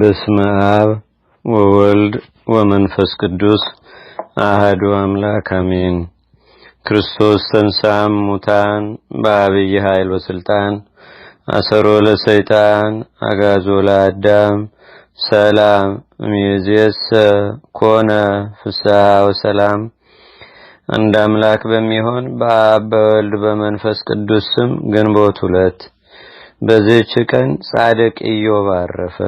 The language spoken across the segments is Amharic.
በስመ አብ ወወልድ ወመንፈስ ቅዱስ አህዱ አምላክ አሜን። ክርስቶስ ተንሳም ሙታን በአብይ ኃይል ወስልጣን አሰሮ ለሰይጣን አጋዞ ለአዳም ሰላም ሚዝየሰ ኮነ ፍስሐ ወሰላም። አንድ አምላክ በሚሆን በአብ በወልድ በመንፈስ ቅዱስ ስም ግንቦት ሁለት በዚህች ቀን ጻድቅ ኢዮብ አረፈ።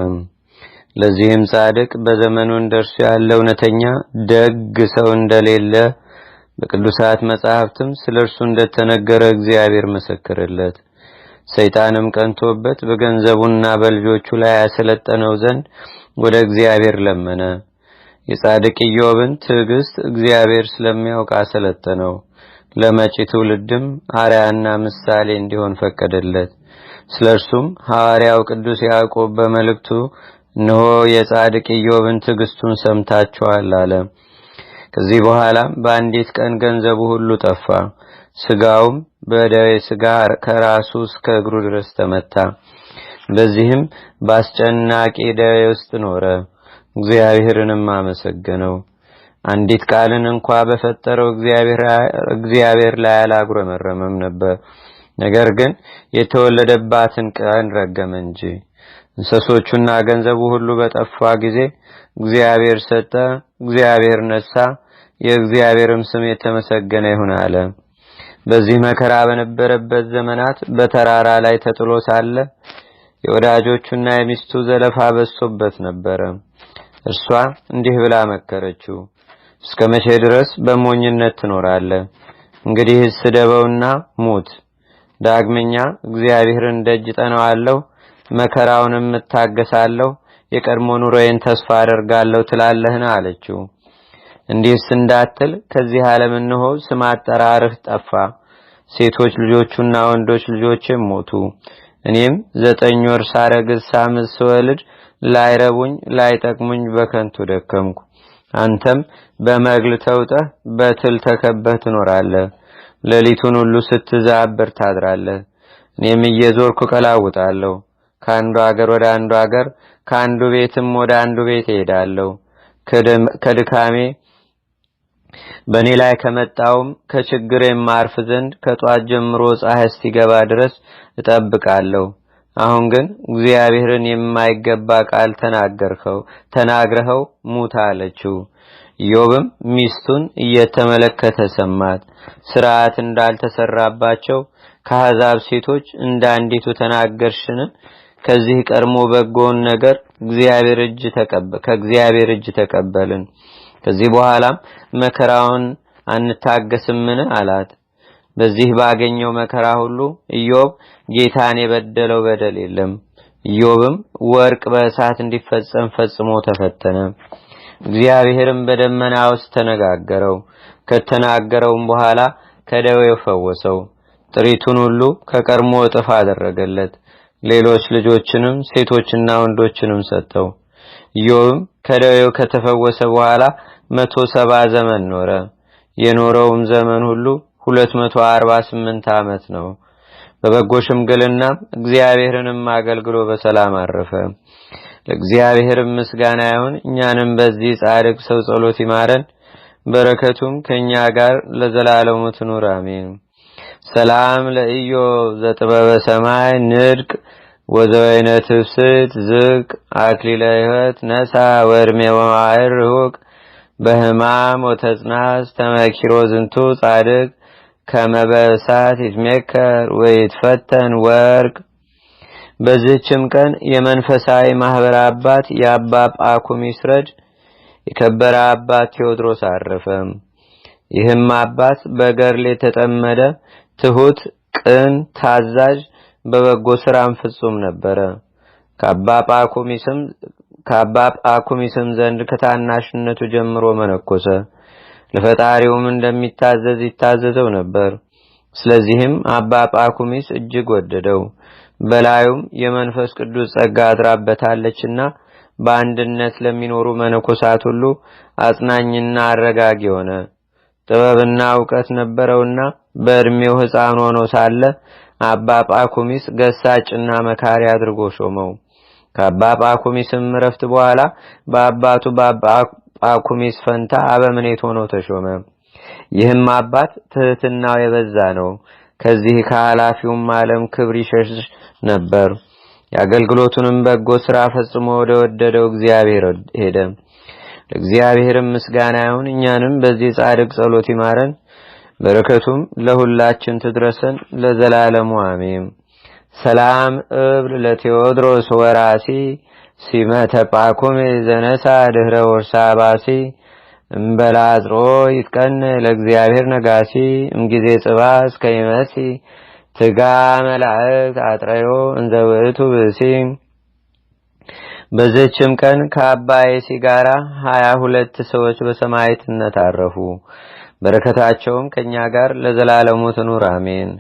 ለዚህም ጻድቅ በዘመኑ እንደርሱ ያለ እውነተኛ ደግ ሰው እንደሌለ በቅዱሳት መጻሕፍትም ስለ እርሱ እንደተነገረ እግዚአብሔር መሰከረለት። ሰይጣንም ቀንቶበት በገንዘቡና በልጆቹ ላይ ያሰለጠነው ዘንድ ወደ እግዚአብሔር ለመነ። የጻድቅ ኢዮብን ትዕግስት እግዚአብሔር ስለሚያውቅ አሰለጠነው። ለመጪ ትውልድም አርያና ምሳሌ እንዲሆን ፈቀደለት። ስለ እርሱም ሐዋርያው ቅዱስ ያዕቆብ በመልእክቱ እነሆ የጻድቅ ኢዮብን ትዕግስቱን ሰምታችኋል አለ። ከዚህ በኋላም በአንዲት ቀን ገንዘቡ ሁሉ ጠፋ። ስጋውም በደዌ ስጋ ከራሱ እስከ እግሩ ድረስ ተመታ። በዚህም በአስጨናቂ ደዌ ውስጥ ኖረ። እግዚአብሔርንም አመሰገነው። አንዲት ቃልን እንኳ በፈጠረው እግዚአብሔር ላይ አላጉረመረመም ነበር። ነገር ግን የተወለደባትን ቀን ረገመ እንጂ። እንስሶቹና ገንዘቡ ሁሉ በጠፋ ጊዜ እግዚአብሔር ሰጠ፣ እግዚአብሔር ነሳ፣ የእግዚአብሔርም ስም የተመሰገነ ይሁን አለ። በዚህ መከራ በነበረበት ዘመናት በተራራ ላይ ተጥሎ ሳለ የወዳጆቹና የሚስቱ ዘለፋ በሶበት ነበረ። እርሷ እንዲህ ብላ መከረችው። እስከ መቼ ድረስ በሞኝነት ትኖራለህ? እንግዲህ ስደበውና ሙት። ዳግመኛ እግዚአብሔርን ደጅ ጠነዋለሁ፣ መከራውንም እታገሳለሁ፣ የቀድሞ ኑሮዬን ተስፋ አደርጋለሁ ትላለህን አለችው። እንዲህስ እንዳትል ከዚህ ዓለም እንሆ ስም አጠራርህ ጠፋ፣ ሴቶች ልጆቹና ወንዶች ልጆችም ሞቱ። እኔም ዘጠኝ ወር ሳረግዝ ሳምስ ስወልድ ላይረቡኝ ላይጠቅሙኝ በከንቱ ደከምኩ። አንተም በመግል ተውጠህ በትል ተከበህ ትኖራለህ። ሌሊቱን ሁሉ ስትዛብር ታድራለህ። እኔም እየዞርኩ እቀላውጣለሁ። ከአንዱ አገር ወደ አንዱ አገር፣ ከአንዱ ቤትም ወደ አንዱ ቤት እሄዳለሁ። ከድካሜ በእኔ ላይ ከመጣውም ከችግር የማርፍ ዘንድ ከጧት ጀምሮ ፀሐይ እስቲገባ ድረስ እጠብቃለሁ። አሁን ግን እግዚአብሔርን የማይገባ ቃል ተናገርከው ተናግረኸው ሙት አለችው። ዮብም ሚስቱን እየተመለከተ ሰማት። ስርዓት እንዳልተሰራባቸው ከአሕዛብ ሴቶች እንዳንዲቱ ተናገርሽን? ከዚህ ቀድሞ በጎን ነገር ከእግዚአብሔር እጅ ተቀበልን፣ ከዚህ በኋላም መከራውን አንታገስምን? አላት። በዚህ ባገኘው መከራ ሁሉ ኢዮብ ጌታን የበደለው በደል የለም። ኢዮብም ወርቅ በእሳት እንዲፈጸም ፈጽሞ ተፈተነ። እግዚአብሔርም በደመና ውስጥ ተነጋገረው። ከተናገረውም በኋላ ከደዌው ፈወሰው። ጥሪቱን ሁሉ ከቀድሞ እጥፍ አደረገለት። ሌሎች ልጆችንም ሴቶችና ወንዶችንም ሰጠው። ኢዮብም ከደዌው ከተፈወሰ በኋላ መቶ ሰባ ዘመን ኖረ። የኖረውም ዘመን ሁሉ 248 ዓመት ነው። በበጎ ሽምግልና እግዚአብሔርንም አገልግሎ በሰላም አረፈ። ለእግዚአብሔር ምስጋና ይሁን። እኛንም በዚህ ጻድቅ ሰው ጸሎት ይማረን፣ በረከቱም ከኛ ጋር ለዘላለሙ ትኑር አሜን። ሰላም ለእዮ ዘጥበበ ሰማይ ንድቅ ወዘወይነ ትብስት ዝቅ አክሊለ ሕይወት ነሳ ወርሜ ወማዕር ርሁቅ በህማም ወተጽናስ ተመኪሮ ዝንቱ ጻድቅ ከመበሳት ይትሜከር ወይትፈተን ወርቅ በዝህችም ቀን የመንፈሳዊ ማህበር አባት የአባ ጳኩም ረድ የከበረ አባት ቴዎድሮስ አረፈ። ይህም አባት በገርሌ የተጠመደ ትሑት፣ ቅን፣ ታዛዥ፣ በበጎ ስራም ፍጹም ነበረ። ከአባ ጳኩሚስም ዘንድ ከታናሽነቱ ጀምሮ መነኮሰ። ለፈጣሪውም እንደሚታዘዝ ይታዘዘው ነበር። ስለዚህም አባ ጳኩሚስ እጅግ ወደደው። በላዩም የመንፈስ ቅዱስ ጸጋ አድራበታለችና በአንድነት ለሚኖሩ መነኮሳት ሁሉ አጽናኝና አረጋጊ ሆነ። ጥበብና እውቀት ነበረውና በእድሜው ሕፃን ሆኖ ሳለ አባ ጳኩሚስ ገሳጭና መካሪ አድርጎ ሾመው። ከአባ ጳኩሚስም እረፍት በኋላ በአባቱ ጳኩሚስ ፈንታ አበምኔት ሆኖ ተሾመ። ይህም አባት ትሕትናው የበዛ ነው። ከዚህ ከኃላፊውም ዓለም ክብር ይሸሽ ነበር። የአገልግሎቱንም በጎ ሥራ ፈጽሞ ወደ ወደደው እግዚአብሔር ሄደ። ለእግዚአብሔርም ምስጋና ይሁን። እኛንም በዚህ ጻድቅ ጸሎት ይማረን፣ በረከቱም ለሁላችን ትድረሰን ለዘላለሙ አሜን። ሰላም እብል ለቴዎድሮስ ወራሲ ሲመ ዘነሳ ድህረ ወርሳ ባሲ እምበላ ይትቀን ለእግዚአብሔር ነጋሲ እምጊዜ ጽባ እስከ ይመሲ ትጋ መላእክት አጥረዮ እንዘውእቱ ብእሲ በዘችም ቀን ከአባይ ሲጋራ ሀያ ሁለት ሰዎች በሰማይትነት አረፉ። በረከታቸውም ከእኛ ጋር ለዘላለሙ ትኑር አሜን።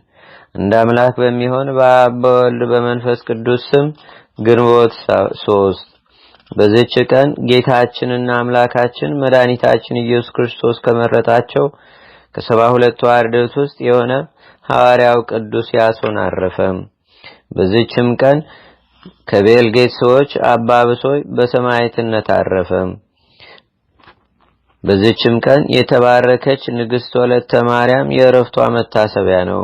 እንደ አምላክ በሚሆን በአበወልድ በመንፈስ ቅዱስ ስም ግንቦት ሶስት በዚች ቀን ጌታችንና አምላካችን መድኃኒታችን ኢየሱስ ክርስቶስ ከመረጣቸው ከሰባ ሁለቱ አርድእት ውስጥ የሆነ ሐዋርያው ቅዱስ ያሶን አረፈ። በዚችም ቀን ከቤልጌት ሰዎች አባ ብሶይ በሰማዕትነት አረፈ። በዚችም ቀን የተባረከች ንግሥት ወለተ ማርያም የእረፍቷ መታሰቢያ ነው።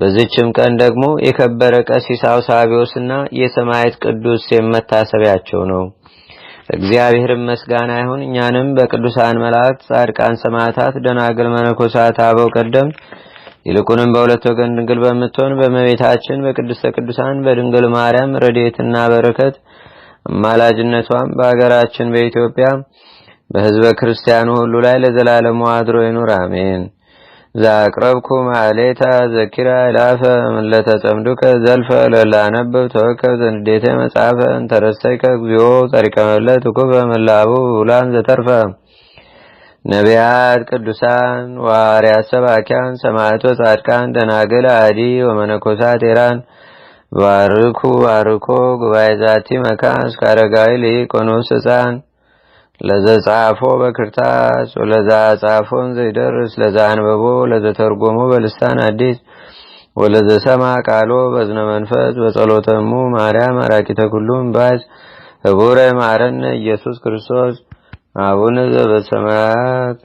በዚችም ቀን ደግሞ የከበረ ቀሲስ አውሳቢዎስና የሰማያት ቅዱስ የመታሰቢያቸው ነው። እግዚአብሔር መስጋና ይሁን። እኛንም በቅዱሳን መላእክት፣ ጻድቃን፣ ሰማዕታት፣ ደናግል፣ መነኮሳት፣ አበው ቀደም ይልቁንም በሁለት ወገን ድንግል በምትሆን በመቤታችን በቅድስተ ቅዱሳን በድንግል ማርያም ረዴትና በረከት አማላጅነቷም በአገራችን በኢትዮጵያ በህዝበ ክርስቲያኑ ሁሉ ላይ ለዘላለሙ አድሮ ይኑር፣ አሜን። ዛቅረብኩ ማሌታ ዘኪራ ይላፈ ምለተ ጸምዱከ ዘልፈ ለላነበብ ተወከብ ዘንዴተ መጽሐፈ እንተረሰይከ እግዚኦ ጸሪቀ መለት ኩፈ ምላቡ ውላን ዘተርፈ ነቢያት ቅዱሳን ዋርያት ሰባኪያን ሰማዕቶ ጻድቃን ደናግል አዲ ወመነኮሳት ኤራን ባርኩ ባርኮ ጉባኤ ዛቲ መካ እስከ አረጋዊ ቆኖስ ህፃን ለዘ ጻፎ በክርታስ ወለዛ ጻፎን ዘይደርስ ለዛ አንበቦ በልሳን አዲስ ወለዘሰማ ቃሎ በዝነ መንፈስ በጸሎተሙ ማርያም አራቂተ ኩሉም ባዝ ህቡረ ማረነ ኢየሱስ ክርስቶስ አቡነ ዘበሰማያት